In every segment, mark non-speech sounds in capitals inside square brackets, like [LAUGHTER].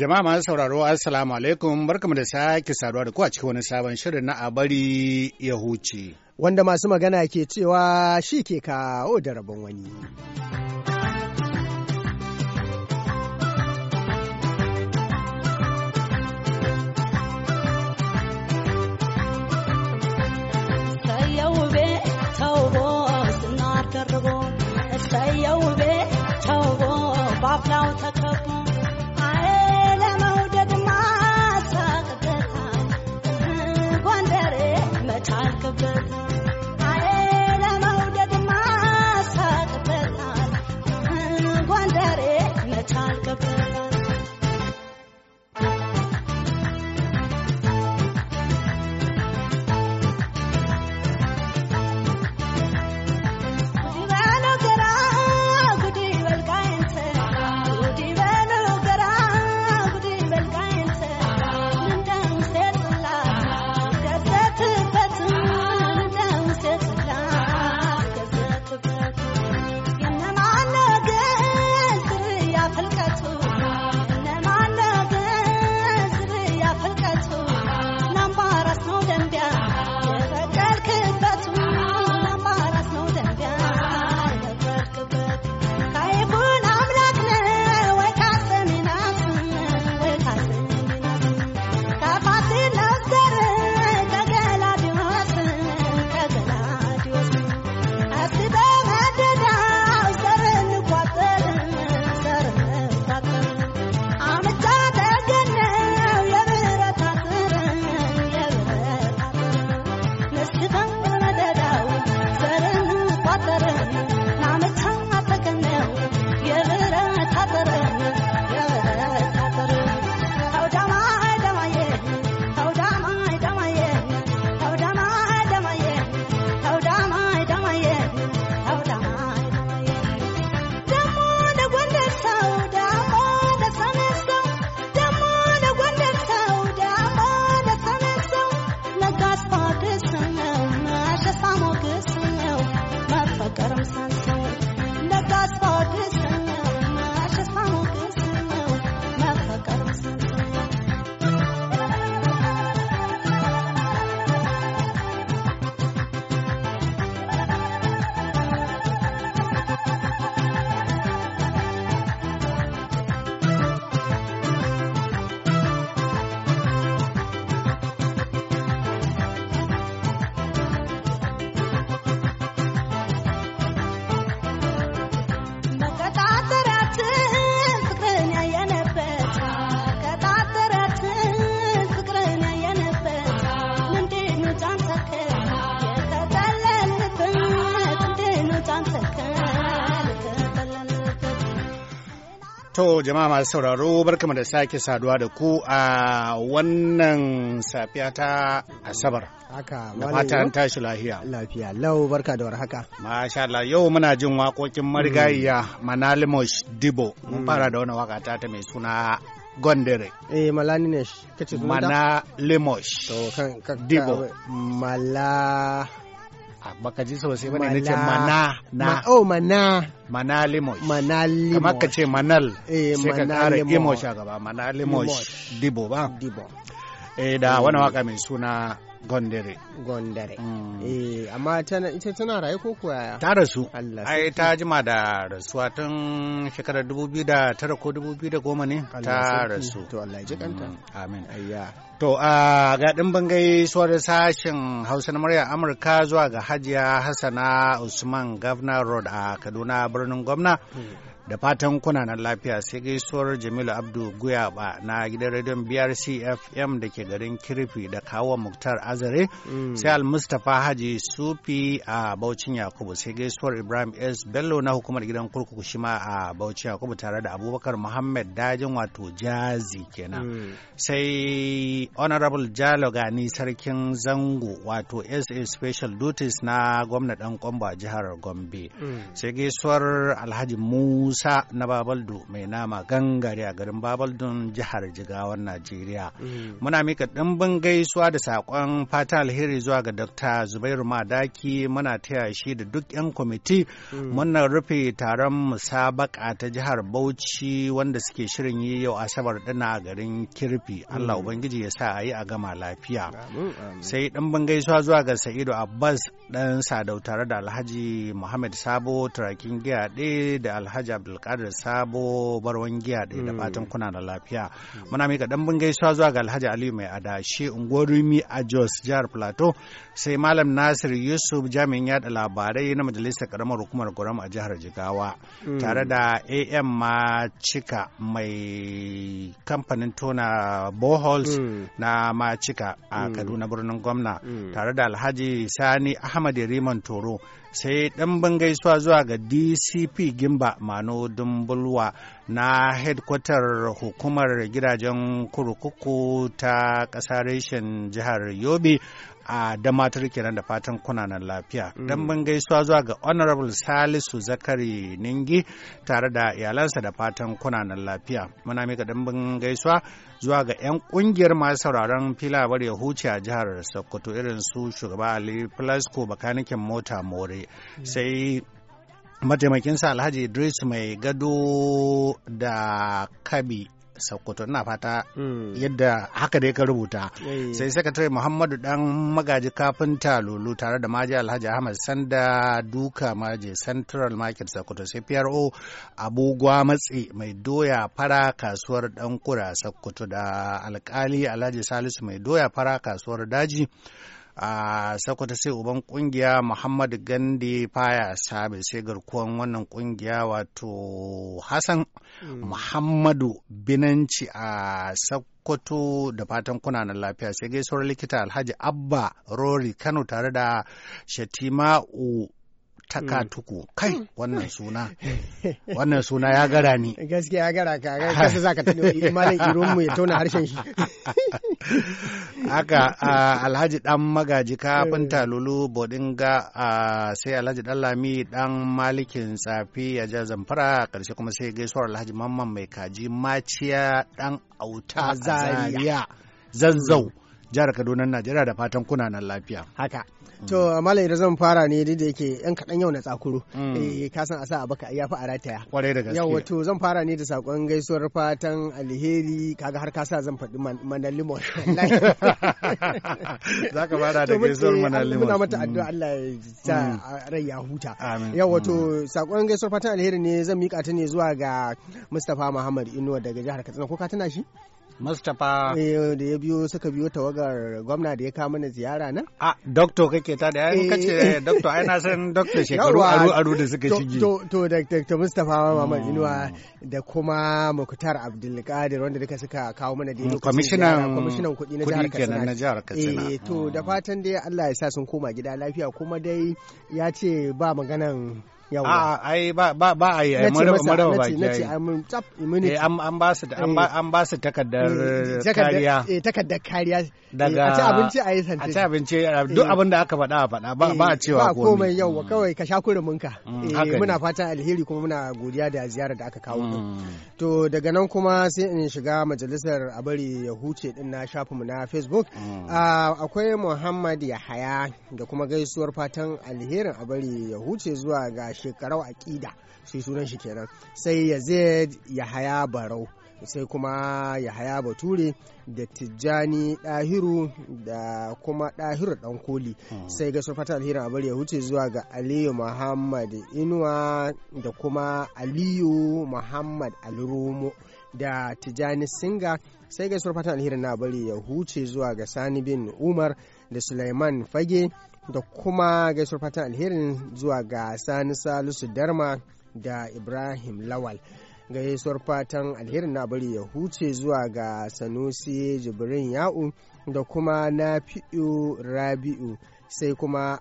Jama'a masu sauraro Assalamu alaikum barkamu da sake saduwa da ku a cikin wani sabon shirin na abari ya huce. Wanda masu magana ke cewa shi ke kawo da rabon wani. Thank you. To jama'a masu sauraro barkamu da sake saduwa da ku a wannan safiya ta Asabar. Haka da fatan tashi lafiya. Lafiya lau barka da warhaka. Masha Allah yau muna jin waƙoƙin marigayya hmm. Manalimosh Dibo. Mun hmm. fara da wani waka ta mai suna Gondere. Eh Malani ne kace Mana Limosh. To kan Dibo. Mala Ah, baka ji sosai ba na ce mana na oh mana mana limo mana limo kamar ka ce manal eh sai ka kara imo sha gaba mana limo dibo ba dibo eh da wani waka mai suna Gondare. Gondare. Mm. Eh, amma ita tana raye ko kuwa? Ta rasu. Allah. Ai ta jima da rasuwa tun shekarar 2009 ko 2010 ne ta rasu. To Allah ya ji kanta. Mm, amin. Ayya. To a ga bangai suwar sashen Hausa na murya Amurka zuwa ga Hajiya Hassana Usman Governor Road a Kaduna birnin gwamna. Mm. da fatan nan lafiya sai gaisuwar jamilu abdu guyaba na gidan rediyon brc fm da ke garin kirfi da kawo muktar azare mm. sai Mustapha haji sufi a baucin yakubu sai gaisuwar ibrahim s bello na hukumar gidan kurkuku shima a baucin yakubu tare da abubakar muhammad dajin wato jazi kenan mm. sai honorable jalo gani sarkin zango wato sa special duties na gwamna dan kwamba jihar gombe mm. sai gaisuwar alhaji musa ƙasa na babaldu mai nama gangare a garin babaldun jihar jigawan najeriya mm. muna mika ɗimbin gaisuwa da saƙon fata alheri zuwa ga dr zubairu madaki muna taya shi da duk 'yan kwamiti mm. muna rufe taron musabaka ta jihar bauchi wanda suke shirin yi yau asabar dana a garin kirfi mm. allah ubangiji ya sa a yi a gama lafiya sai ɗimbin gaisuwa zuwa ga sa'idu abbas ɗan sadau tare da alhaji muhammad sabo turakin ɗaya da alhaji abdulkadir sabo barwan giya da da mm. fatan kuna da lafiya muna mika dan gaisuwa zuwa ga alhaji aliyu mai adashi ungorumi a jos jihar plateau sai malam nasir yusuf jami'in yada labarai na majalisar karamar hukumar gwaram a jihar jigawa mm. tare da am ma cika mai kamfanin tona boholes mm. na ma cika a kaduna birnin gwamna tare da alhaji sani ahmad riman toro sai ɗan bangaisuwa zuwa ga dcp gimba mano bulwa. na hedkwatar hukumar gidajen kurkuku ta ƙasa reshen jihar yobe a damatar kenan da fatan kunanan lafiya mm. don ban gaisuwa zuwa ga honorable salisu zakari ningi tare da iyalansa da fatan kunanan lafiya muna mika dambin gaisuwa zuwa ga 'yan kungiyar masu sauraron filawar ya huce a jihar sokoto irin su shugaba ali plasco bakanikin mota more mm. sai Mataimakin sa alhaji idris mai gado da kabi sokoto ina fata hmm. yadda haka da ka rubuta sai sakatare muhammadu dan magaji kafinta lulu tare da maji alhaji ahmad sanda duka maji central market sokoto sai pro abubuwa matsi mai doya fara kasuwar dan kura sokoto da alkali alhaji salisu mai doya fara kasuwar daji a sakwata sai uban kungiya muhammadu gandi faya sabi sai garkuwan wannan kungiya wato hassan mm. muhammadu binanci a sakkwato da fatan kuna na lafiya sai gaisuwar likita alhaji abba rori kano tare da shatima'u takatuku mm. kai mm. wannan [LAUGHS] suna wannan suna ya gara ni gaskiya ya gara ka kasa za ka tuni malam iron mu ya tona harshen shi [LAUGHS] haka alhaji dan magaji kafin talulu eh. bodinga sai alhaji dan lami dan malikin tsafi ya ja zamfara karshe kuma sai gaisuwar alhaji mamman mai kaji maciya dan auta zaria zanzau jihar kaduna najeriya da fatan kuna nan lafiya haka to mm. amma laira zan fara ne da yake yan kaɗan yau na tsakuro mm. eh ka san a sa abaka ya fi a rataya kwarai da gaske yawa wato zan fara ne da sakon gaisuwar fatan alheri kaga har ka sa zan faɗi manan limon [LAUGHS] [LAUGHS] za ka fara da gaisuwar manan limon muna mata addu'a mm. Allah ya sa rai ya huta yau wato sakon gaisuwar fatan alheri ne zan mika ta ne zuwa ga Mustapha Muhammad Inuwa daga jihar Katsina ko ka tana shi Mustapha. Eh, da ya biyo suka biyo tawagar gwamna da ya kama na ziyara nan. A doktor kake ta da yayin kace eh. eh, doktor ai na san doktor shekaru aru aru da suka shige. To to doktor Mustapha Muhammad mm. Inuwa da kuma Muktar Abdulkadir wanda duka suka kawo mana da mm, kwamishinan Commissioner kuɗi na jihar Katsina. na jihar Katsina. Eh to da mm. fatan dai Allah ya sa sun koma gida lafiya kuma dai ya ce ba maganan yawa ai ba ba ba ai maraba maraba baki nace eh, an ba su eh. eh, takardar kariya eh takardar kariya daga a ci abinci a yi sante a ci abinci duk abin da aka faɗa a faɗa ba a cewa komai ba komai yawa mm. kawai ka sha kurumin ka mm, muna fatan alheri kuma muna godiya da ziyarar da aka kawo mm. to daga nan kuma sai in shiga majalisar a bari ya huce din na mu na facebook ah, akwai muhammad yahaya da kuma gaisuwar fatan alherin a bari ya huce zuwa ga shekarau aƙida sai sunan shi kenan sai yazid yahaya barau sai kuma yahaya bature da tijjani Ɗahiru da kuma Ɗahiru ɗan koli hmm. sai ga sufata alhira abar ya huce zuwa ga aliyu muhammad inuwa da kuma aliyu muhammad alromo da tijjani singa sai ga sufata alhira na bari ya huce zuwa ga sani bin umar da suleiman fage da kuma gaisuwar fatan alherin zuwa ga sani salisu darma da ibrahim lawal gaisuwar fatan alherin na bari ya huce zuwa ga sanusi jibrin ya'u da kuma na rabi'u sai kuma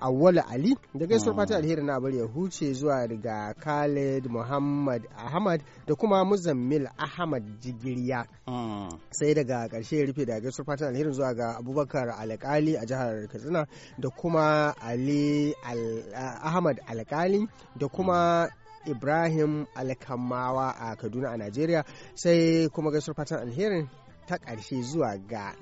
awwala ali da gaisuwar fatan ah. alheri na abar ya huce zuwa daga khalid muhammad ahmad da kuma muzammil ahmad jigiriya ah. sai daga karshe rufe da gaisuwar fatan alheri zuwa ga abubakar alkali a jihar katsina da kuma ali ahmad alkali da kuma ibrahim alkamawa a kaduna a najeriya sai kuma gaisuwar fatan alheri ta ƙarshe zuwa ga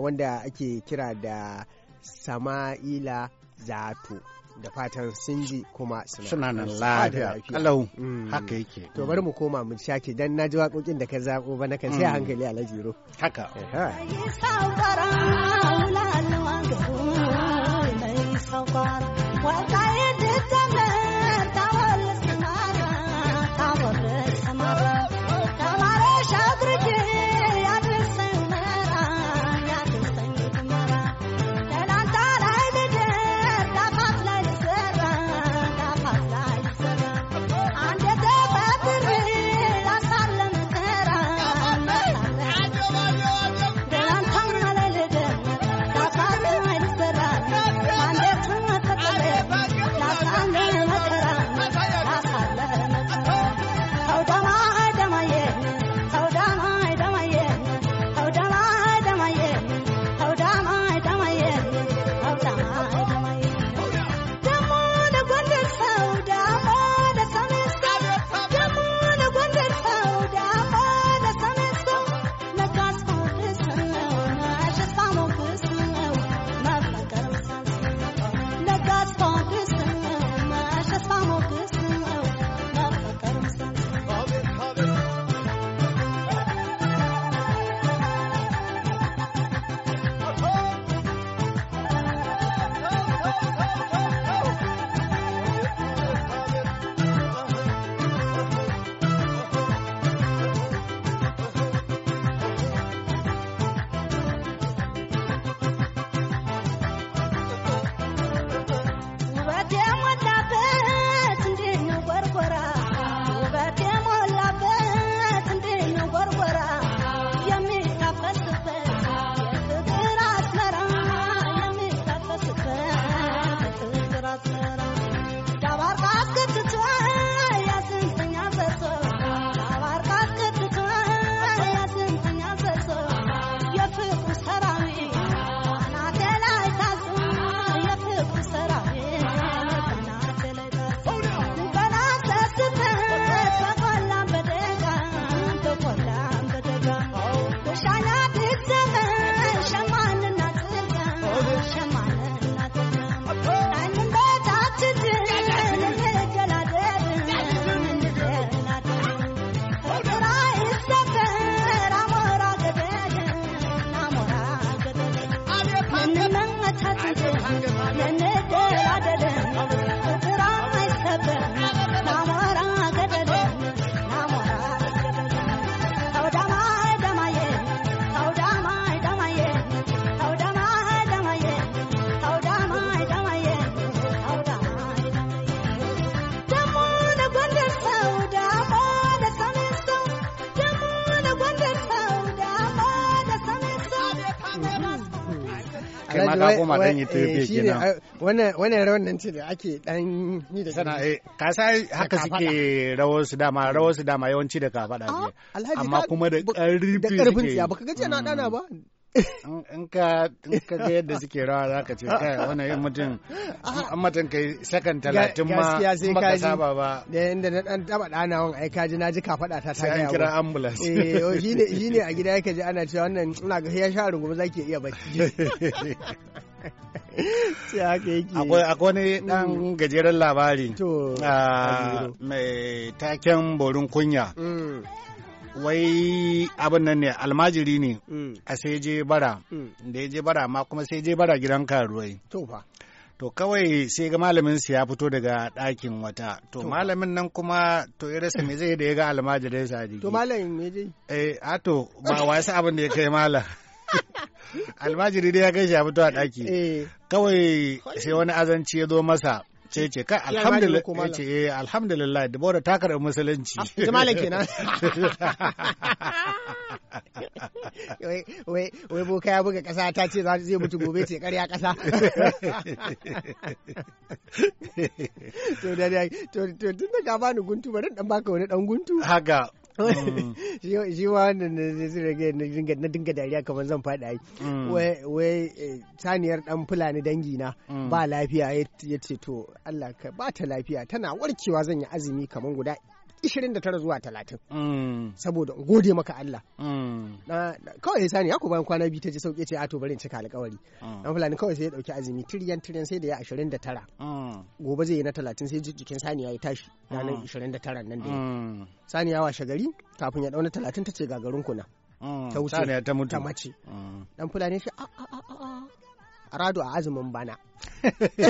wanda ake kira da sama'ila zato da fatan sun ji kuma suna nan lafiya kalau mm. haka yake to bari mu koma mu shake dan na ji waƙoƙin da ka zaɓo ba nakan sai mm. hankali a lajiro haka kai ma ka koma dan yi tobe kenan wannan wannan rawan nan ce da ake dan yi da sana eh ka sai haka suke rawar su dama rawar su dama yawanci da ah, ka faɗa amma kuma da ƙarfi da ƙarfin ya baka ga na dana mm. ba in ka ga yadda suke rawa za ka ce kai wani yin mutum an matan kai sakan talatin ma in baka saba ba da yadda na dan taba dana wani ai kaji na ji ka faɗa ta ta gaya kira ambulance eh oh, shi ne a gida yake ji ana cewa wannan ina ga ya sha za zaki iya bacci [LAUGHS] sai haka yake akwai wani dan mm. gajeren labari ah, mai taken borin kunya mm. wai abin nan ne almajiri ne mm. a sai je bara mm. da ya je bara ma kuma sai je bara gidan karuwai to kawai sai ga malamin su ya fito daga ɗakin wata to malamin nan kuma to ya rasa me zai da ya ga almajirai sa jiki to malamin me zai eh a to ba wasu abin da ya kai malam [LAUGHS] almajiri dai ya kai shi ya fito a ɗaki eh. kawai sai wani azanci ya zo masa ce ce kai alhamdulillah ce eh alhamdulillah da bora ta karɓi musulunci ah, ita malam kenan [LAUGHS] wai wai boka ya buga kasa ta ce zai mutu gobe ce karya kasa [LAUGHS] to da to tun da ga bani guntu bari dan baka wani dan guntu haga Mm. [LAUGHS] shi wannan zai rage na dinga dariya kamar zan faɗa yi mm. wai eh, saniyar dan fulani dangi na mm. ba lafiya ya ce to Allah ka ba ta lafiya tana warkewa zan yi azumi kamar guda 29 zuwa 30 mm. saboda gode maka Allah mm. kawai sani ya ku bayan kwana biyu ta ji sauke ce a to bari in cika alƙawari mm. dan fulani kawai sai ya dauki azumi tiryan tiryan sai da ya 29 gobe zai yi na 30 sai jikin Sani ya yi tashi ranar 29 nan da ya washe gari kafin ya dau na 30 ta ce gagarin kuna ta wuce ta mace dan fulani shi a a a aradu a azumin bana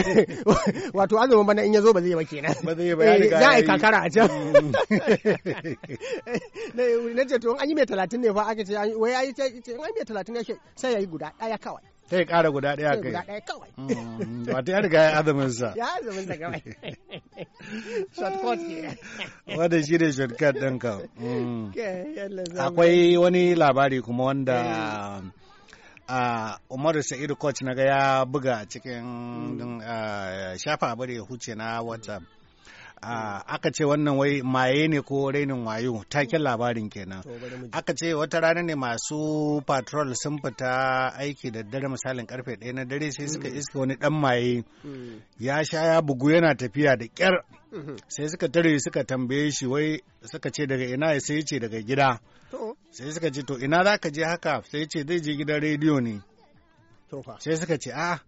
[LAUGHS] wato azumin bana in ya zo ba zai ba kenan ba zai ba eh, za a yi kakara a can mm. [LAUGHS] na ce to an yi mai talatin ne fa aka ce wai ya yi ce an yi mai talatin ne sai ya yi guda ɗaya kawai ta yi ƙara guda ɗaya kai guda ɗaya kawai mm, mm, wato ya riga ya azumin sa [LAUGHS] ya azumin sa kawai shortcut ke wanda shi ne shortcut ɗin ka akwai wani labari kuma wanda eh. a umaru sa'idu coach na ga ya buga cikin mm. shafa abu ya huce na whatsapp Mm. aka ce wannan wai maye ne ko rainin wayo taken labarin kenan aka ce wata rana ne masu patrol sun fita aiki da dare misalin karfe ɗaya na dare sai suka mm. iska wani dan maye mm. ya sha ya bugu yana tafiya da kyar mm-hmm. sai suka tare suka tambaye shi wai suka ce daga ina ya ce daga gida sai suka ce to ina za ka je haka sai ce zai je gidan rediyo ne sai suka ce a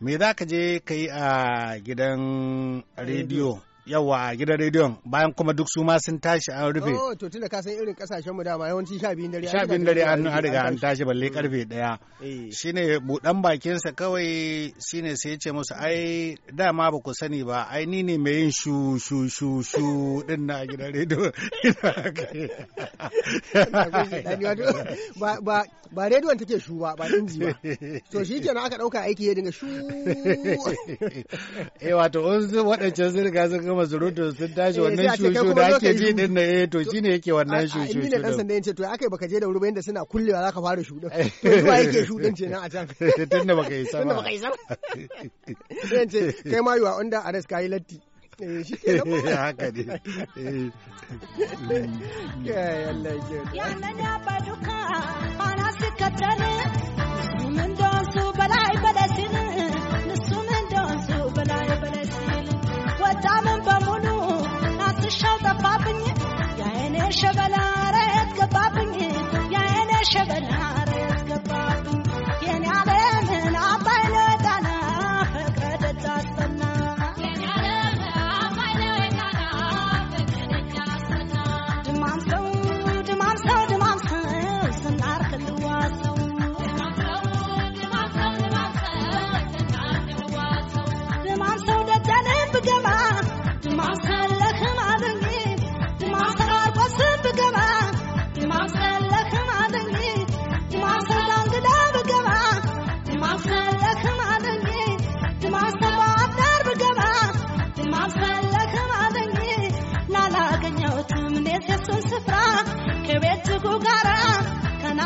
me za ka je ka yi a gidan rediyo yawa gidan rediyon bayan kuma duk su ma sun tashi an rufe oh to tunda ka san irin kasashen mu dama yawanci 12 dare 12 dare an riga an tashi balle karfe daya eh. shine budan bakin sa kawai shine sai ya ce musu ai dama ba ku sani ba ai ni ne mai yin shu shu shu shu din na gidan rediyo [LAUGHS] ba ba rediyon take shu ba ba inji ba to shi shikenan aka dauka aiki ya dinga shu [LAUGHS] eh wato wadancan sun riga sun gama zurutu sun tashi eh, wannan shushu da ake ji din na eh to shine yake wannan shushu ni da dan sanda yace to akai baka je da wuri ba inda suna kullewa zaka fara shudu [LAUGHS] to zuwa yake shudun ce nan a can [LAUGHS] tunda baka yi sama tunda baka yi sama ce kai ma yuwa under arrest kai latti eh, [LAUGHS] haka ne ya eh. Allah ya ya na duka na suka tare ಶವನ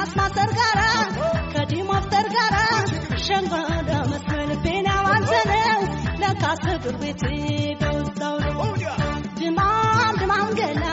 ማስማተር ጋራ ከዲሞፍተር ጋራ ሸንጎደ መስመል ቤና ዋንዘነው ለካስ ብር ቤት ገዛው ድማም ድማም ገላ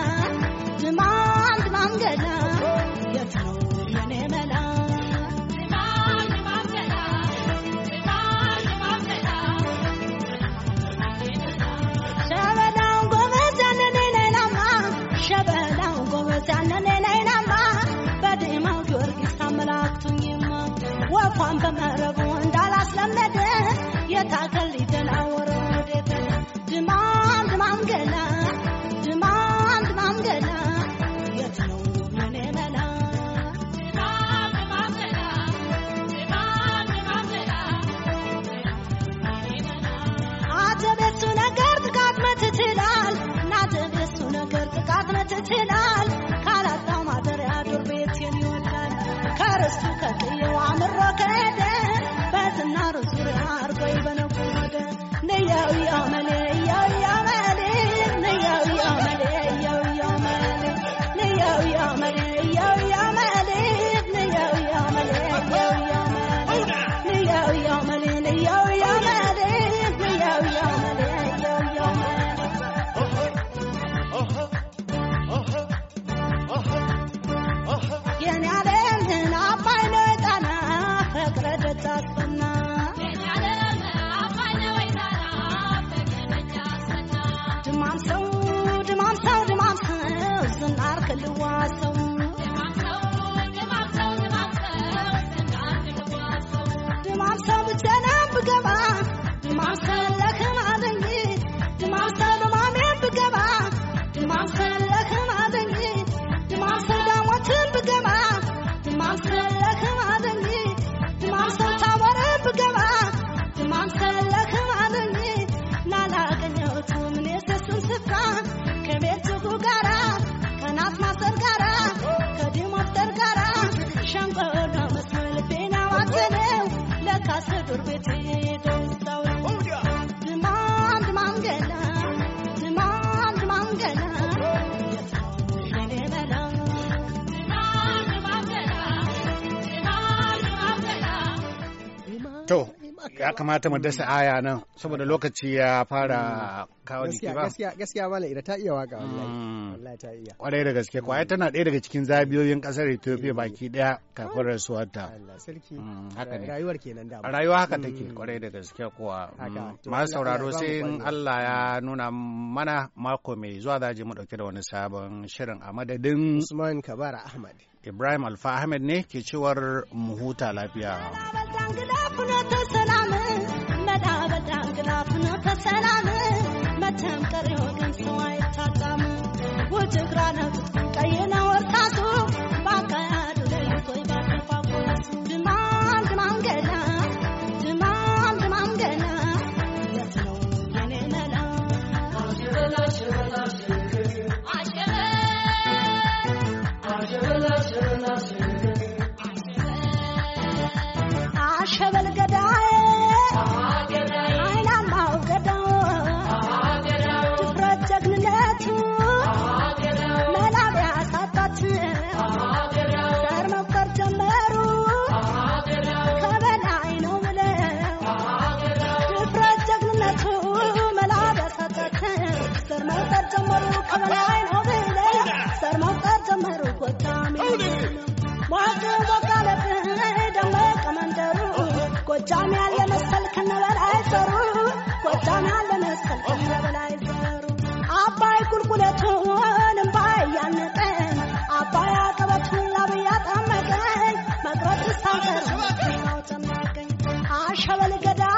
To, ya kamata mu dasa aya nan saboda lokaci ya fara mm. kawo jiki ba gaskiya gaskiya mala ida ta iya waka mm. wallahi ta iya kwarai da gaske kwaya tana ɗaya daga cikin zabiyoyin kasar Ethiopia eh. baki daya kafin rasuwarta Allah sarki mm, haka ne rayuwar kenan da rayuwa haka take kwarai da gaske kuwa masu sauraro sai in Allah ya nuna mana mako mai zuwa za je mu dauke da wani sabon shirin a madadin Usman Kabara Ahmad Ibrahim Alfa Ahmed ne ke cewar mu huta lafiya. ተሰላም መቸም ቀሪ ወገን ሰው አይታጣም ውጅግራ ነው ቀይና ወርቃቱ ጎጃም ያለ መሰል ከነበረ አይዘሩ ጎጃም ያለ አባይ ቁልቁለቱን እምባይ አባይ አቀበቱን ላብያ ጠመቀኝ መቅረት ስታንቀር አሸበል ገዳ